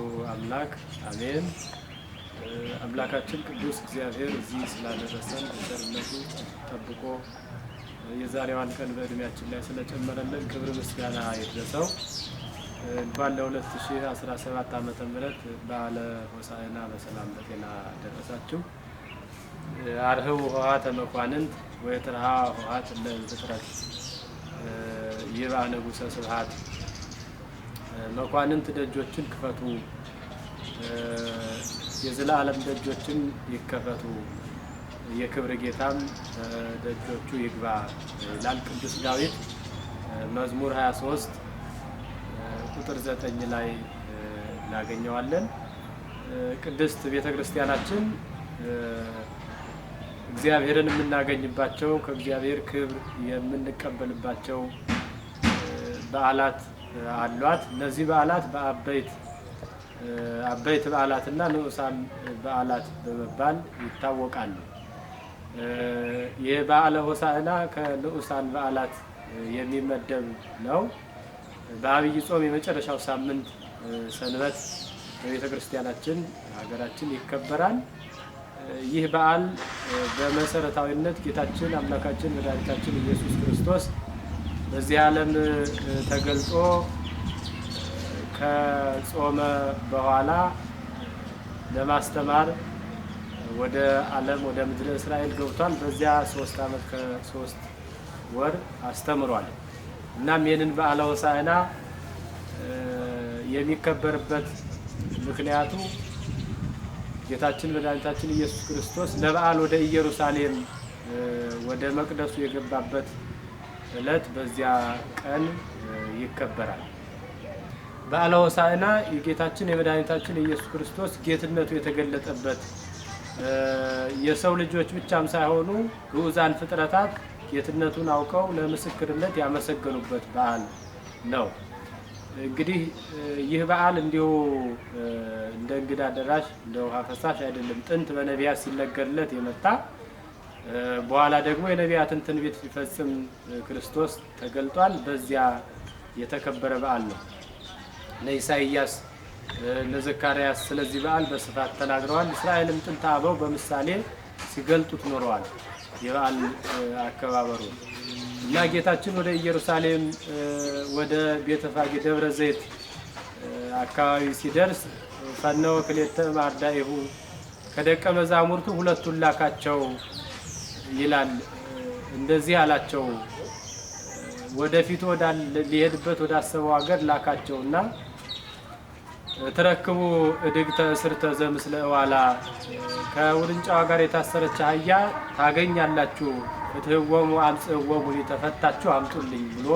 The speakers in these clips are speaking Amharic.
አሐዱ አምላክ አሜን። አምላካችን ቅዱስ እግዚአብሔር እዚህ ስላደረሰን በቸርነቱ ጠብቆ የዛሬዋን ቀን በእድሜያችን ላይ ስለጨመረልን ክብር ምስጋና ይድረሰው። እንኳን ለ2017 ዓመተ ምህረት በዓለ ሆሳዕና በሰላም በጤና ደረሳችሁ። አርህው ውሃተ መኳንንት ትርሃ ውሃት ለፍጥረት ፍጥረት ይብአ ንጉሠ ስብሐት መኳንንት ደጆችን ክፈቱ፣ የዘላለም ደጆችን ይከፈቱ፣ የክብር ጌታም ደጆቹ ይግባ ይላል ቅዱስ ዳዊት መዝሙር 23 ቁጥር 9 ላይ እናገኘዋለን። ቅድስት ቤተ ክርስቲያናችን እግዚአብሔርን የምናገኝባቸው ከእግዚአብሔር ክብር የምንቀበልባቸው በዓላት አሏት። እነዚህ በዓላት በአበይት አበይት በዓላትና ንዑሳን በዓላት በመባል ይታወቃሉ። ይህ በዓለ ሆሳዕና ከንዑሳን በዓላት የሚመደብ ነው። በአብይ ጾም የመጨረሻው ሳምንት ሰንበት በቤተ ክርስቲያናችን ሀገራችን ይከበራል። ይህ በዓል በመሰረታዊነት ጌታችን አምላካችን መድኃኒታችን ኢየሱስ ክርስቶስ በዚህ ዓለም ተገልጾ ከጾመ በኋላ ለማስተማር ወደ ዓለም ወደ ምድረ እስራኤል ገብቷል። በዚያ ሶስት ዓመት ከሶስት ወር አስተምሯል። እናም ይህንን በዓለ ሆሳዕና የሚከበርበት ምክንያቱ ጌታችን መድኃኒታችን ኢየሱስ ክርስቶስ ለበዓል ወደ ኢየሩሳሌም ወደ መቅደሱ የገባበት ዕለት በዚያ ቀን ይከበራል። በዓለ ሆሳዕና የጌታችን የመድኃኒታችን የኢየሱስ ክርስቶስ ጌትነቱ የተገለጠበት የሰው ልጆች ብቻም ሳይሆኑ ግዑዛን ፍጥረታት ጌትነቱን አውቀው ለምስክርነት ያመሰገኑበት በዓል ነው። እንግዲህ ይህ በዓል እንዲሁ እንደ እንግዳ ደራሽ እንደ ውሃ ፈሳሽ አይደለም። ጥንት በነቢያት ሲነገርለት የመጣ በኋላ ደግሞ የነቢያትን ትንቢት ሊፈጽም ክርስቶስ ተገልጧል። በዚያ የተከበረ በዓል ነው። ለኢሳይያስ ለዘካርያስ ስለዚህ በዓል በስፋት ተናግረዋል። እስራኤልም ጥንተ አበው በምሳሌ ሲገልጡት ኖረዋል። የበዓል አከባበሩ እና ጌታችን ወደ ኢየሩሳሌም ወደ ቤተፋጌ ደብረ ዘይት አካባቢ ሲደርስ ፈነወ ክሌተ ማርዳኢሁ ከደቀ መዛሙርቱ ሁለቱን ላካቸው ይላል። እንደዚህ አላቸው፣ ወደፊት ሊሄድበት ወዳሰበው ሀገር ላካቸው እና ትረክቡ እድግተ እስርተ ዘምስለ ዋላ ከውርንጫዋ ጋር የታሰረች አህያ ታገኛላችሁ። እትህወሙ አምጽእወሙ ተፈታችሁ አምጡልኝ ብሎ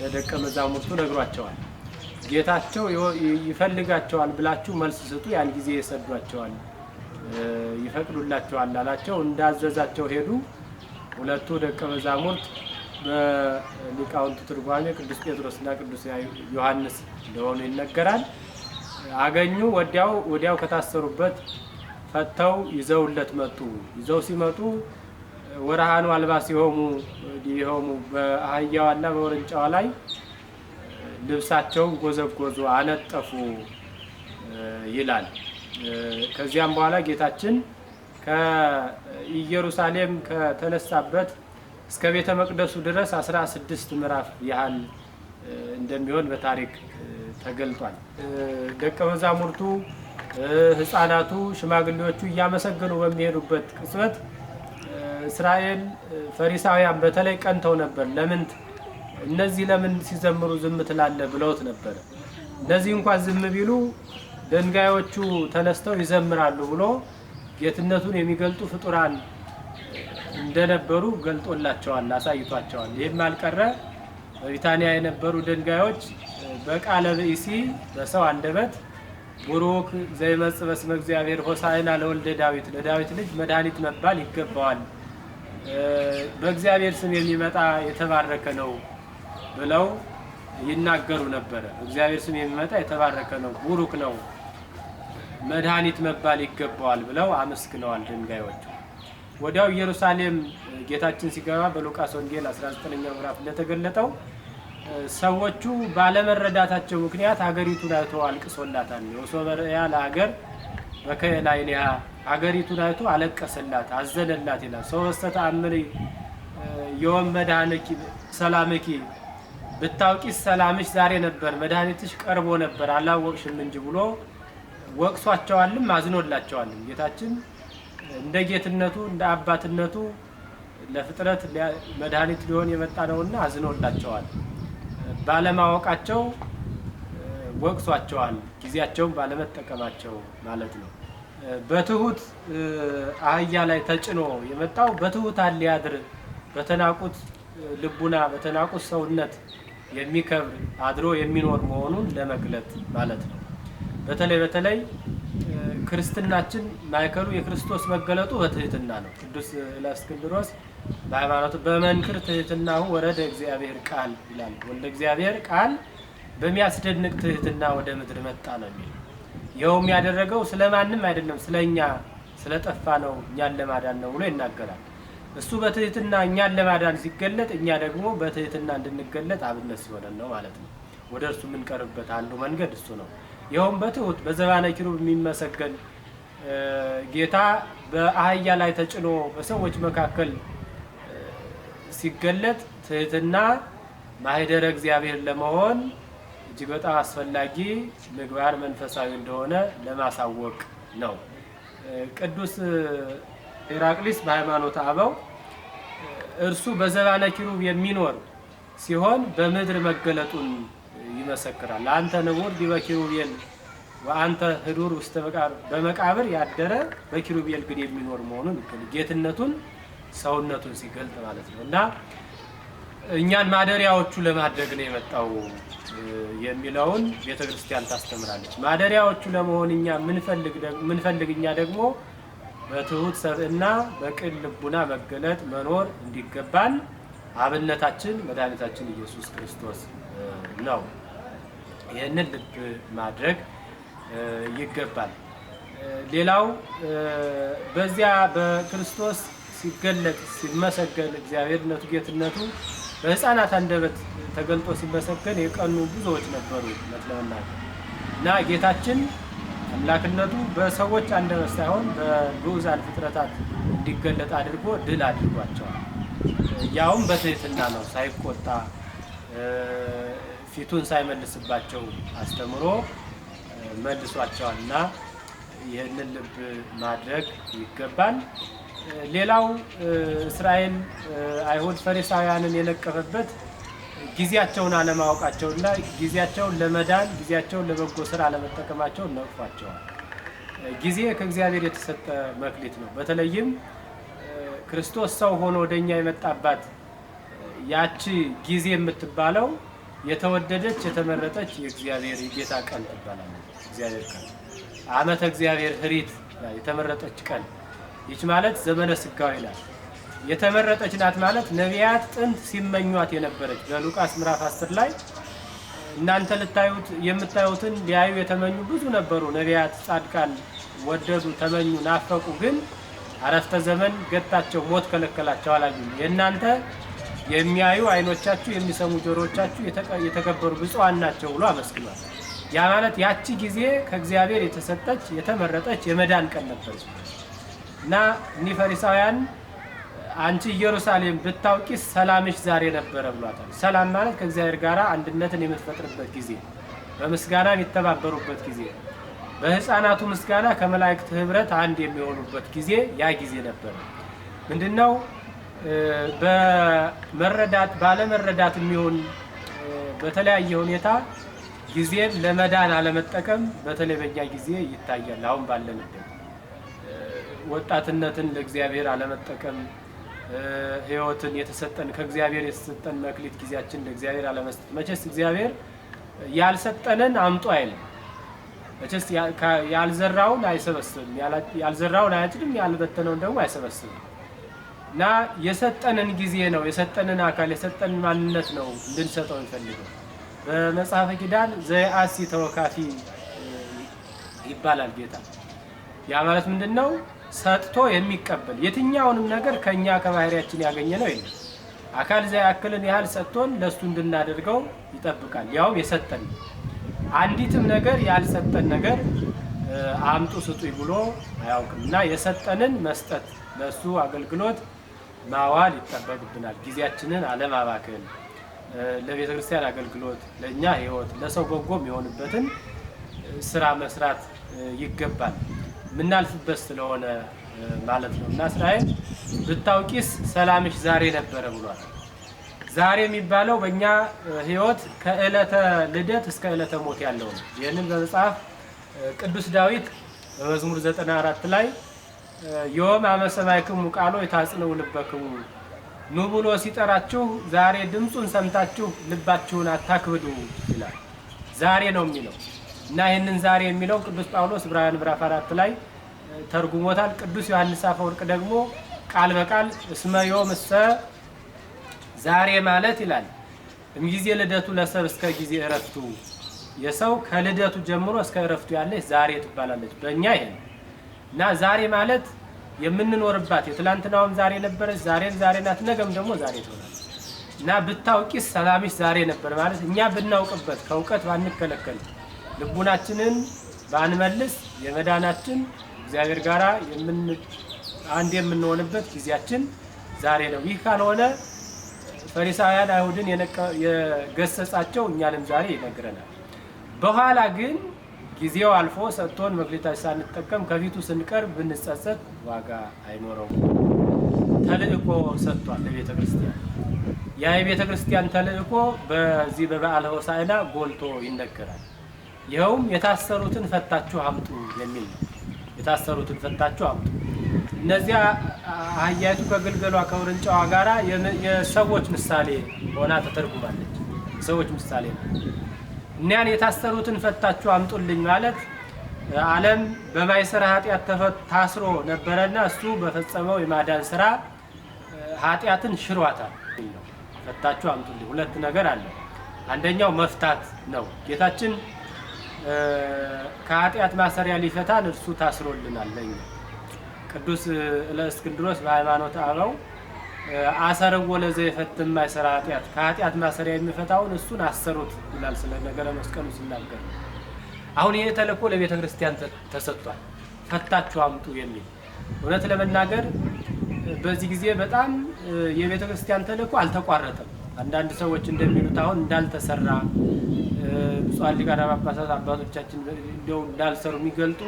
ለደቀ መዛሙርቱ ነግሯቸዋል። ጌታቸው ይፈልጋቸዋል ብላችሁ መልስ ስጡ፣ ያን ጊዜ ይሰዷቸዋል። ይፈቅዱላቸዋል አላቸው። እንዳዘዛቸው ሄዱ። ሁለቱ ደቀ መዛሙርት በሊቃውንቱ ትርጓሜ ቅዱስ ጴጥሮስና ቅዱስ ዮሐንስ እንደሆኑ ይነገራል። አገኙ። ወዲያው ወዲያው ከታሰሩበት ፈተው ይዘውለት መጡ። ይዘው ሲመጡ ወርሃኑ አልባ ሲሆሙ ዲሆሙ በአህያዋና በወረንጫዋ ላይ ልብሳቸውን ጎዘጎዙ፣ አነጠፉ ይላል። ከዚያም በኋላ ጌታችን ከኢየሩሳሌም ከተነሳበት እስከ ቤተ መቅደሱ ድረስ 16 ምዕራፍ ያህል እንደሚሆን በታሪክ ተገልጧል። ደቀ መዛሙርቱ፣ ህፃናቱ ሽማግሌዎቹ እያመሰገኑ በሚሄዱበት ቅጽበት እስራኤል ፈሪሳውያን በተለይ ቀንተው ነበር። ለምንት እነዚህ ለምን ሲዘምሩ ዝም ትላለ ብለውት ነበረ። እነዚህ እንኳን ዝም ቢሉ ድንጋዮቹ ተነስተው ይዘምራሉ ብሎ ጌትነቱን የሚገልጡ ፍጡራን እንደነበሩ ገልጦላቸዋል፣ አሳይቷቸዋል። ይህም አልቀረ በቢታንያ የነበሩ ድንጋዮች በቃለ ብእሲ በሰው አንደበት ቡሩክ ዘይመጽእ በስመ እግዚአብሔር ሆሳዕና ለወልደ ዳዊት ለዳዊት ልጅ መድኃኒት መባል ይገባዋል፣ በእግዚአብሔር ስም የሚመጣ የተባረከ ነው ብለው ይናገሩ ነበረ። በእግዚአብሔር ስም የሚመጣ የተባረከ ነው፣ ቡሩክ ነው መድኃኒት መባል ይገባዋል ብለው አመስግነዋል ድንጋዮቹ። ወዲያው ኢየሩሳሌም ጌታችን ሲገባ በሉቃስ ወንጌል 19ኛ ምዕራፍ እንደተገለጠው ሰዎቹ ባለመረዳታቸው ምክንያት ሀገሪቱን አይቶ አልቅሶላታል። ወሶበያ ለሀገር በከላይኒያ ሀገሪቱን አይቶ አለቀሰላት፣ አዘነላት ይላል። ሰው ወስተተ አምሪ የወም መድኃኒኪ ሰላምኪ ብታውቂ ሰላምሽ ዛሬ ነበር፣ መድኃኒትሽ ቀርቦ ነበር አላወቅሽም እንጂ ብሎ ወቅሷቸዋልም አዝኖላቸዋልም። ጌታችን እንደ ጌትነቱ እንደ አባትነቱ ለፍጥረት መድኃኒት ሊሆን የመጣ ነውና አዝኖላቸዋል። ባለማወቃቸው ወቅሷቸዋል፣ ጊዜያቸውን ባለመጠቀማቸው ማለት ነው። በትሁት አህያ ላይ ተጭኖ የመጣው በትሁት አሊያድር በተናቁት ልቡና በተናቁት ሰውነት የሚከብር አድሮ የሚኖር መሆኑን ለመግለጥ ማለት ነው። በተለይ በተለይ ክርስትናችን ማዕከሉ የክርስቶስ መገለጡ በትህትና ነው። ቅዱስ እለእስክንድሮስ በሃይማኖቱ በመንክር ትህትናሁ ወረደ እግዚአብሔር ቃል ይላል። ወልደ እግዚአብሔር ቃል በሚያስደንቅ ትህትና ወደ ምድር መጣ ነው የሚል ይኸውም ያደረገው ስለ ማንም አይደለም ስለ እኛ ስለ ጠፋ ነው እኛን ለማዳን ነው ብሎ ይናገራል። እሱ በትህትና እኛን ለማዳን ሲገለጥ፣ እኛ ደግሞ በትህትና እንድንገለጥ አብነት ሲሆነን ነው ማለት ነው። ወደ እርሱ የምንቀርብበት አንዱ መንገድ እሱ ነው። ይኸውም በትሁት በዘባነ ኪሩብ የሚመሰገን ጌታ በአህያ ላይ ተጭኖ በሰዎች መካከል ሲገለጥ ትህትና ማህደረ እግዚአብሔር ለመሆን እጅግ በጣም አስፈላጊ ምግባር መንፈሳዊ እንደሆነ ለማሳወቅ ነው። ቅዱስ ሄራቅሊስ በሃይማኖት አበው እርሱ በዘባነ ኪሩብ የሚኖር ሲሆን በምድር መገለጡን ይመሰክራል። ለአንተ ንቡር ዲበ ኪሩቤል ወአንተ ህዱር ውስጥ በመቃብር ያደረ በኪሩቤል ግን የሚኖር መሆኑን ጌትነቱን ሰውነቱን ሲገልጥ ማለት ነው እና እኛን ማደሪያዎቹ ለማድረግ ነው የመጣው የሚለውን ቤተ ክርስቲያን ታስተምራለች። ማደሪያዎቹ ለመሆን እኛ ምንፈልግ እኛ ደግሞ በትሁት ሰብእና በቅን ልቡና መገለጥ መኖር እንዲገባን አብነታችን መድኃኒታችን ኢየሱስ ክርስቶስ ነው። ይህንን ልብ ማድረግ ይገባል። ሌላው በዚያ በክርስቶስ ሲገለጥ ሲመሰገን እግዚአብሔርነቱ ጌትነቱ በሕፃናት አንደበት ተገልጦ ሲመሰገን የቀኑ ብዙዎች ነበሩ ለመናገር እና ጌታችን አምላክነቱ በሰዎች አንደበት ሳይሆን በግዑዛን ፍጥረታት እንዲገለጥ አድርጎ ድል አድርጓቸዋል። ያውም በትህትና ነው ሳይቆጣ ፊቱን ሳይመልስባቸው አስተምሮ መልሷቸዋልና ይህንን ልብ ማድረግ ይገባል። ሌላው እስራኤል አይሁድ ፈሪሳውያንን የነቀፈበት ጊዜያቸውን አለማወቃቸውና ጊዜያቸውን ለመዳን ጊዜያቸውን ለበጎ ስራ አለመጠቀማቸው ነቅፏቸዋል። ጊዜ ከእግዚአብሔር የተሰጠ መክሊት ነው። በተለይም ክርስቶስ ሰው ሆኖ ወደኛ የመጣባት ያቺ ጊዜ የምትባለው የተወደደች የተመረጠች የእግዚአብሔር የጌታ ቀን ትባላል። እግዚአብሔር ቀን ዓመተ እግዚአብሔር ህሪት የተመረጠች ቀን ይች ማለት ዘመነ ስጋዊ ናት። የተመረጠች ናት ማለት ነቢያት ጥንት ሲመኟት የነበረች በሉቃስ ምዕራፍ 10 ላይ እናንተ ልታዩት የምታዩትን ሊያዩ የተመኙ ብዙ ነበሩ ነቢያት፣ ጻድቃን ወደዱ፣ ተመኙ፣ ናፈቁ፣ ግን አረፍተ ዘመን ገታቸው፣ ሞት ከለከላቸው አላዩ የእናንተ የሚያዩ አይኖቻችሁ፣ የሚሰሙ ጆሮቻችሁ የተከበሩ ብፁዓን ናቸው ብሎ አመስግኗል። ያ ማለት ያቺ ጊዜ ከእግዚአብሔር የተሰጠች የተመረጠች የመዳን ቀን ነበር እና እኒህ ፈሪሳውያን አንቺ ኢየሩሳሌም ብታውቂ ሰላምሽ ዛሬ ነበረ ብሏታል። ሰላም ማለት ከእግዚአብሔር ጋር አንድነትን የምትፈጥርበት ጊዜ፣ በምስጋና የሚተባበሩበት ጊዜ፣ በህፃናቱ ምስጋና ከመላእክት ህብረት አንድ የሚሆኑበት ጊዜ ያ ጊዜ ነበረ። ምንድነው በመረዳት ባለመረዳት የሚሆን በተለያየ ሁኔታ ጊዜን ለመዳን አለመጠቀም በተለይ በኛ ጊዜ ይታያል። አሁን ባለንበት ወጣትነትን ለእግዚአብሔር አለመጠቀም፣ ሕይወትን የተሰጠን ከእግዚአብሔር የተሰጠን መክሊት ጊዜያችን ለእግዚአብሔር አለመስጠት። መቼስ እግዚአብሔር ያልሰጠንን አምጦ አይልም። መቼስ ያልዘራውን አይሰበስብም፣ ያልዘራውን አያጭድም፣ ያልበተነውን ደግሞ አይሰበስብም። እና የሰጠንን ጊዜ ነው የሰጠንን አካል የሰጠንን ማንነት ነው እንድንሰጠው የሚፈልገው። በመጽሐፈ ኪዳን ዘአሲ ተወካፊ ይባላል ጌታ። ያ ማለት ምንድን ነው? ሰጥቶ የሚቀበል የትኛውንም ነገር ከእኛ ከባህሪያችን ያገኘ ነው የለም። አካል ዘያክልን ያህል ሰጥቶን ለእሱ እንድናደርገው ይጠብቃል። ያውም የሰጠን አንዲትም ነገር ያልሰጠን ነገር አምጡ ስጡኝ ብሎ አያውቅም እና የሰጠንን መስጠት ለእሱ አገልግሎት ማዋል ይጠበቅብናል። ጊዜያችንን አለማባከን ለቤተ ክርስቲያን አገልግሎት፣ ለእኛ ህይወት ለሰው በጎ የሚሆንበትን ስራ መስራት ይገባል። የምናልፍበት ስለሆነ ማለት ነው። እና እስራኤል ብታውቂስ ሰላምሽ ዛሬ ነበረ ብሏል። ዛሬ የሚባለው በእኛ ህይወት ከእለተ ልደት እስከ እለተ ሞት ያለው ነው። ይህንን በመጽሐፍ ቅዱስ ዳዊት በመዝሙር 94 ላይ ዮም አመሰማይክሙ ቃሎ የታጽነው ልበክሙ ኑ ብሎ ሲጠራችሁ ዛሬ ድምፁን ሰምታችሁ ልባችሁን አታክብዱ ይላል። ዛሬ ነው የሚለው እና ይህንን ዛሬ የሚለው ቅዱስ ጳውሎስ ዕብራውያን ምዕራፍ አራት ላይ ተርጉሞታል። ቅዱስ ዮሐንስ አፈወርቅ ደግሞ ቃል በቃል እስመ ዮም እሰ ዛሬ ማለት ይላል እምጊዜ ልደቱ ለሰብ እስከ ጊዜ እረፍቱ የሰው ከልደቱ ጀምሮ እስከ እረፍቱ ያለች ዛሬ ትባላለች። በእኛ ይሄ ነው እና ዛሬ ማለት የምንኖርባት የትላንትናውም ዛሬ ነበረች፣ ዛሬን ዛሬ ናት፣ ነገም ደግሞ ዛሬ ትሆናል እና ብታውቂስ ሰላምሽ ዛሬ ነበር ማለት እኛ ብናውቅበት ከእውቀት ባንከለከል ልቡናችንን ባንመልስ የመዳናችን እግዚአብሔር ጋር አንድ የምንሆንበት ጊዜያችን ዛሬ ነው። ይህ ካልሆነ ፈሪሳውያን አይሁድን የገሰጻቸው እኛንም ዛሬ ይነግረናል። በኋላ ግን ጊዜው አልፎ ሰጥቶን መግለጫ ሳንጠቀም ከፊቱ ስንቀርብ ብንጸጸት ዋጋ አይኖረውም። ተልእኮ ሰጥቷል ለቤተ ክርስቲያን። ያ የቤተ ክርስቲያን ተልእኮ በዚህ በበዓለ ሆሳዕና ጎልቶ ይነገራል። ይኸውም የታሰሩትን ፈታችሁ አምጡ የሚል ነው። የታሰሩትን ፈታችሁ አምጡ። እነዚያ አህያይቱ ከግልገሏ ከውርንጫዋ ጋራ የሰዎች ምሳሌ ሆና ተተርጉማለች። የሰዎች ምሳሌ ነው። እኒያን የታሰሩትን ፈታችሁ አምጡልኝ ማለት ዓለም በማይሰር ኃጢአት ታስሮ ነበረና እሱ በፈጸመው የማዳን ስራ ኃጢአትን ሽሯታል። ፈታችሁ አምጡልኝ ሁለት ነገር አለ። አንደኛው መፍታት ነው። ጌታችን ከኃጢአት ማሰሪያ ሊፈታን እርሱ ታስሮልናል። ለኛ ቅዱስ እለእስክንድሮስ በሃይማኖት አበው አሰረዎ ለዘ የፈትም ማይሰራ ኃጢአት ከኃጢአት ማሰሪያ የሚፈታውን እሱን አሰሩት ይላል። ስለ ነገረ መስቀሉ ሲናገር አሁን ይህ ተልእኮ ለቤተ ክርስቲያን ተሰጥቷል። ፈታችሁ አምጡ የሚል እውነት ለመናገር በዚህ ጊዜ በጣም የቤተ ክርስቲያን ተልእኮ አልተቋረጠም። አንዳንድ ሰዎች እንደሚሉት አሁን እንዳልተሰራ ብፁዓን ሊቃነ ጳጳሳት አባቶቻችን እንደው እንዳልሰሩ የሚገልጡ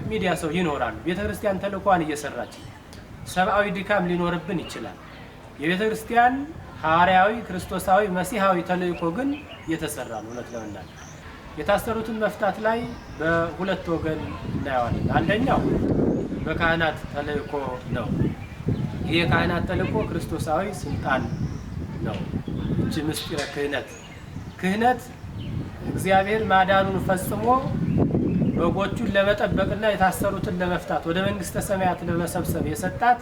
የሚዲያ ሰው ይኖራሉ። ቤተ ክርስቲያን ተልእኮዋን እየሰራች ሰብአዊ ድካም ሊኖርብን ይችላል። የቤተ ክርስቲያን ሐዋርያዊ ክርስቶሳዊ መሲሐዊ ተልእኮ ግን እየተሰራ ነው። እውነት ለመናገር የታሰሩትን መፍታት ላይ በሁለት ወገን እናየዋለን። አንደኛው በካህናት ተልእኮ ነው። ይህ የካህናት ተልእኮ ክርስቶሳዊ ስልጣን ነው። እጅ ምስጢረ ክህነት ክህነት እግዚአብሔር ማዳኑን ፈጽሞ በጎቹን ለመጠበቅና የታሰሩትን ለመፍታት ወደ መንግስተ ሰማያት ለመሰብሰብ የሰጣት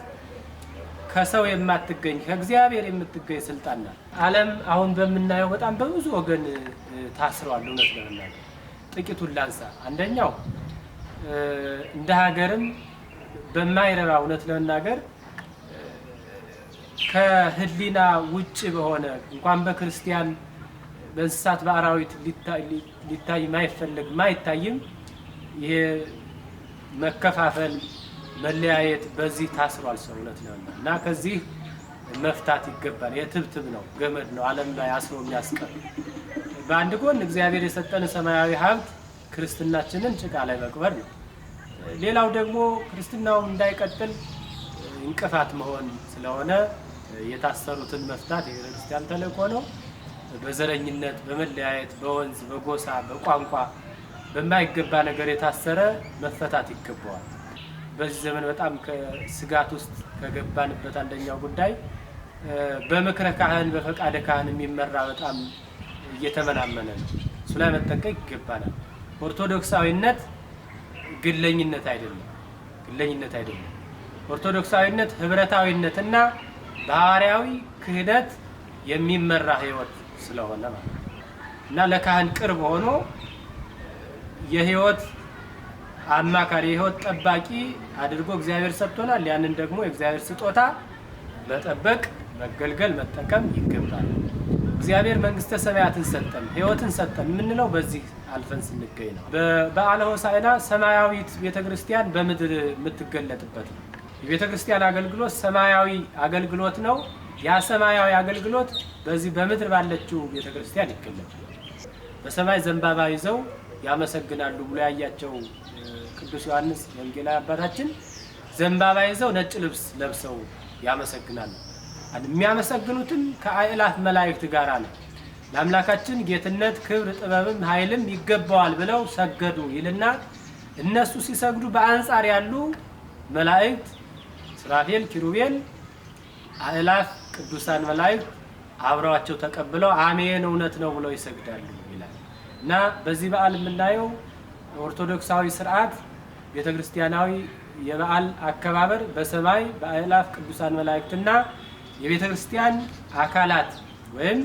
ከሰው የማትገኝ ከእግዚአብሔር የምትገኝ ስልጣን ናት። ዓለም አሁን በምናየው በጣም በብዙ ወገን ታስረዋል። እውነት ለመናገር ጥቂቱን ላንሳ። አንደኛው እንደ ሀገርም በማይረባ እውነት ለመናገር ከህሊና ውጭ በሆነ እንኳን በክርስቲያን በእንስሳት በአራዊት ሊታይ ማይፈልግ ማይታይም ይሄ መከፋፈል፣ መለያየት በዚህ ታስሯል ሰውነት ነው እና ከዚህ መፍታት ይገባል። የትብትብ ነው ገመድ ነው ዓለም ላይ አስሮ የሚያስቀር። በአንድ ጎን እግዚአብሔር የሰጠን ሰማያዊ ሀብት ክርስትናችንን ጭቃ ላይ መቅበር ነው። ሌላው ደግሞ ክርስትናው እንዳይቀጥል እንቅፋት መሆን ስለሆነ የታሰሩትን መፍታት የቤተ ክርስቲያን ተልእኮ ነው። በዘረኝነት፣ በመለያየት፣ በወንዝ፣ በጎሳ፣ በቋንቋ በማይገባ ነገር የታሰረ መፈታት ይገባዋል። በዚህ ዘመን በጣም ስጋት ውስጥ ከገባንበት አንደኛው ጉዳይ በምክረ ካህን በፈቃደ ካህን የሚመራ በጣም እየተመናመነ ነው። እሱ ላይ መጠንቀቅ ይገባናል። ኦርቶዶክሳዊነት ግለኝነት አይደለም፣ ግለኝነት አይደለም። ኦርቶዶክሳዊነት ህብረታዊነትና በሐዋርያዊ ክህደት የሚመራ ህይወት ስለሆነ ማለት እና ለካህን ቅርብ ሆኖ የህይወት አማካሪ የህይወት ጠባቂ አድርጎ እግዚአብሔር ሰጥቶናል። ያንን ደግሞ የእግዚአብሔር ስጦታ መጠበቅ፣ መገልገል፣ መጠቀም ይገባል። እግዚአብሔር መንግስተ ሰማያትን ሰጠን፣ ህይወትን ሰጠን የምንለው በዚህ አልፈን ስንገኝ ነው። በበዓለ ሆሳዕና ሰማያዊት ቤተ ክርስቲያን በምድር የምትገለጥበት ነው። የቤተ ክርስቲያን አገልግሎት ሰማያዊ አገልግሎት ነው። ያ ሰማያዊ አገልግሎት በዚህ በምድር ባለችው ቤተ ክርስቲያን ይገለጣል። በሰማይ ዘንባባ ይዘው ያመሰግናሉ ብሎ ያያቸው ቅዱስ ዮሐንስ ወንጌላዊ አባታችን ዘንባባ ይዘው ነጭ ልብስ ለብሰው ያመሰግናሉ። የሚያመሰግኑትም ከአእላፍ መላእክት ጋር ነው። ለአምላካችን ጌትነት ክብር፣ ጥበብም ኃይልም ይገባዋል ብለው ሰገዱ ይልና እነሱ ሲሰግዱ በአንጻር ያሉ መላእክት ስራፌል፣ ኪሩቤል፣ አእላፍ ቅዱሳን መላእክት አብረዋቸው ተቀብለው አሜን እውነት ነው ብለው ይሰግዳሉ ይላል። እና በዚህ በዓል የምናየው ኦርቶዶክሳዊ ስርዓት ቤተክርስቲያናዊ የበዓል አከባበር በሰማይ በአእላፍ ቅዱሳን መላእክትና የቤተ ክርስቲያን አካላት ወይም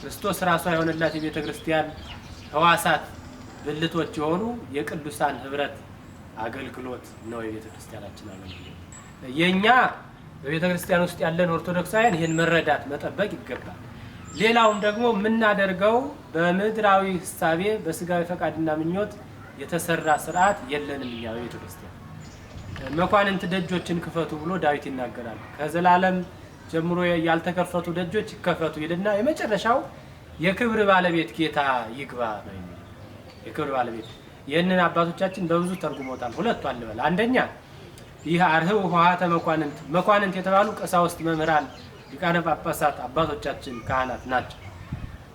ክርስቶስ ራሷ የሆነላት የቤተ ክርስቲያን ህዋሳት ብልቶች የሆኑ የቅዱሳን ህብረት አገልግሎት ነው። የቤተ ክርስቲያናችን አገልግሎት የእኛ በቤተ ክርስቲያን ውስጥ ያለን ኦርቶዶክሳውያን ይህን መረዳት መጠበቅ ይገባል። ሌላውም ደግሞ የምናደርገው በምድራዊ ህሳቤ በስጋዊ ፈቃድና ምኞት የተሰራ ስርዓት የለንም። እኛ ቤተ ክርስቲያን መኳንንት ደጆችን ክፈቱ ብሎ ዳዊት ይናገራል። ከዘላለም ጀምሮ ያልተከፈቱ ደጆች ይከፈቱ ይልና የመጨረሻው የክብር ባለቤት ጌታ ይግባ ነው የክብር ባለቤት ይህንን አባቶቻችን በብዙ ተርጉሞታል። ሁለቱ አንበል አንደኛ ይህ አርህ ውሃ ተመኳንንት መኳንንት የተባሉ ቀሳውስት መምህራን ሊቃነ ጳጳሳት አባቶቻችን ካህናት ናቸው።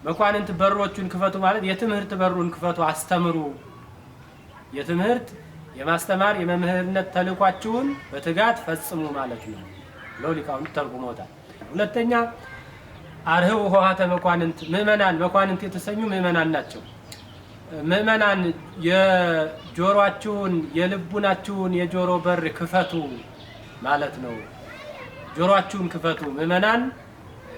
መኳንንት በሮቹን ክፈቱ ማለት የትምህርት በሩን ክፈቱ፣ አስተምሩ። የትምህርት የማስተማር የመምህርነት ተልኳችሁን በትጋት ፈጽሙ ማለት ነው ብለው ሊቃውንት ተርጉመውታል። ሁለተኛ አርህው ውሃተ መኳንንት ምእመናን መኳንንት የተሰኙ ምእመናን ናቸው። ምእመናን የጆሮአችሁን የልቡናችሁን የጆሮ በር ክፈቱ ማለት ነው። ጆሮአችሁን ክፈቱ ምመናን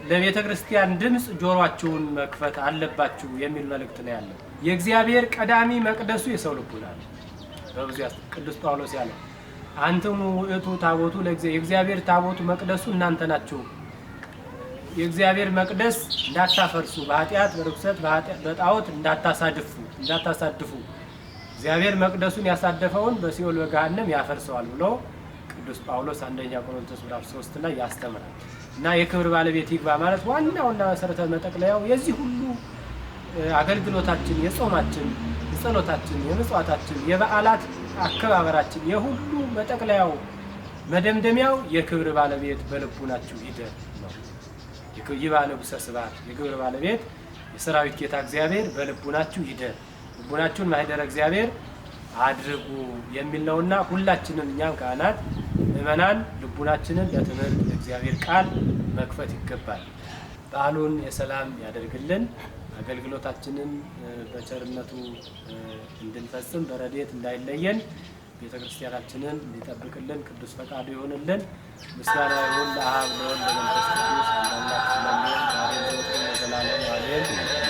ለቤተ ክርስቲያን ድምፅ ጆሮአችሁን መክፈት አለባችሁ የሚል መልእክት ነው ያለው። የእግዚአብሔር ቀዳሚ መቅደሱ የሰው ልቡና ነው። በብዙ ቅዱስ ጳውሎስ ያለው አንትሙ ውእቱ ታቦቱ የእግዚአብሔር ታቦቱ መቅደሱ እናንተ ናችሁ። የእግዚአብሔር መቅደስ እንዳታፈርሱ፣ በኃጢአት በርኩሰት በጣዖት እንዳታሳድፉ እንዳታሳድፉ እግዚአብሔር መቅደሱን ያሳደፈውን በሲኦል በገሃነም ያፈርሰዋል ብሎ ቅዱስ ጳውሎስ አንደኛ ቆሮንቶስ ምዕራፍ ሶስት ላይ ያስተምራል እና የክብር ባለቤት ይግባ ማለት ዋናውና መሰረተ መጠቅለያው የዚህ ሁሉ አገልግሎታችን፣ የጾማችን፣ የጸሎታችን፣ የምጽዋታችን፣ የበዓላት አከባበራችን የሁሉ መጠቅለያው መደምደሚያው የክብር ባለቤት በልቡናችሁ ይደር ነው። ይግባ ንጉሠ ስብሐት የክብር ባለቤት የሰራዊት ጌታ እግዚአብሔር በልቡናችሁ ይደር። ልቡናችሁን ማህደረ እግዚአብሔር አድርጉ የሚል ነውና ሁላችንም እኛም ካህናት ምእመናን ልቡናችንን ለትምህርት ለእግዚአብሔር ቃል መክፈት ይገባል። በዓሉን የሰላም ያደርግልን። አገልግሎታችንን በቸርነቱ እንድንፈጽም በረድኤት እንዳይለየን ቤተ ክርስቲያናችንን እንዲጠብቅልን ቅዱስ ፈቃዱ ይሆንልን። ምስጋና ይሁን ለአብ ለወልድ ለመንፈስ ቅዱስ አንዳንዳችን ለሚሆን ዛሬ ዘወትር ለዘላለም አሜን።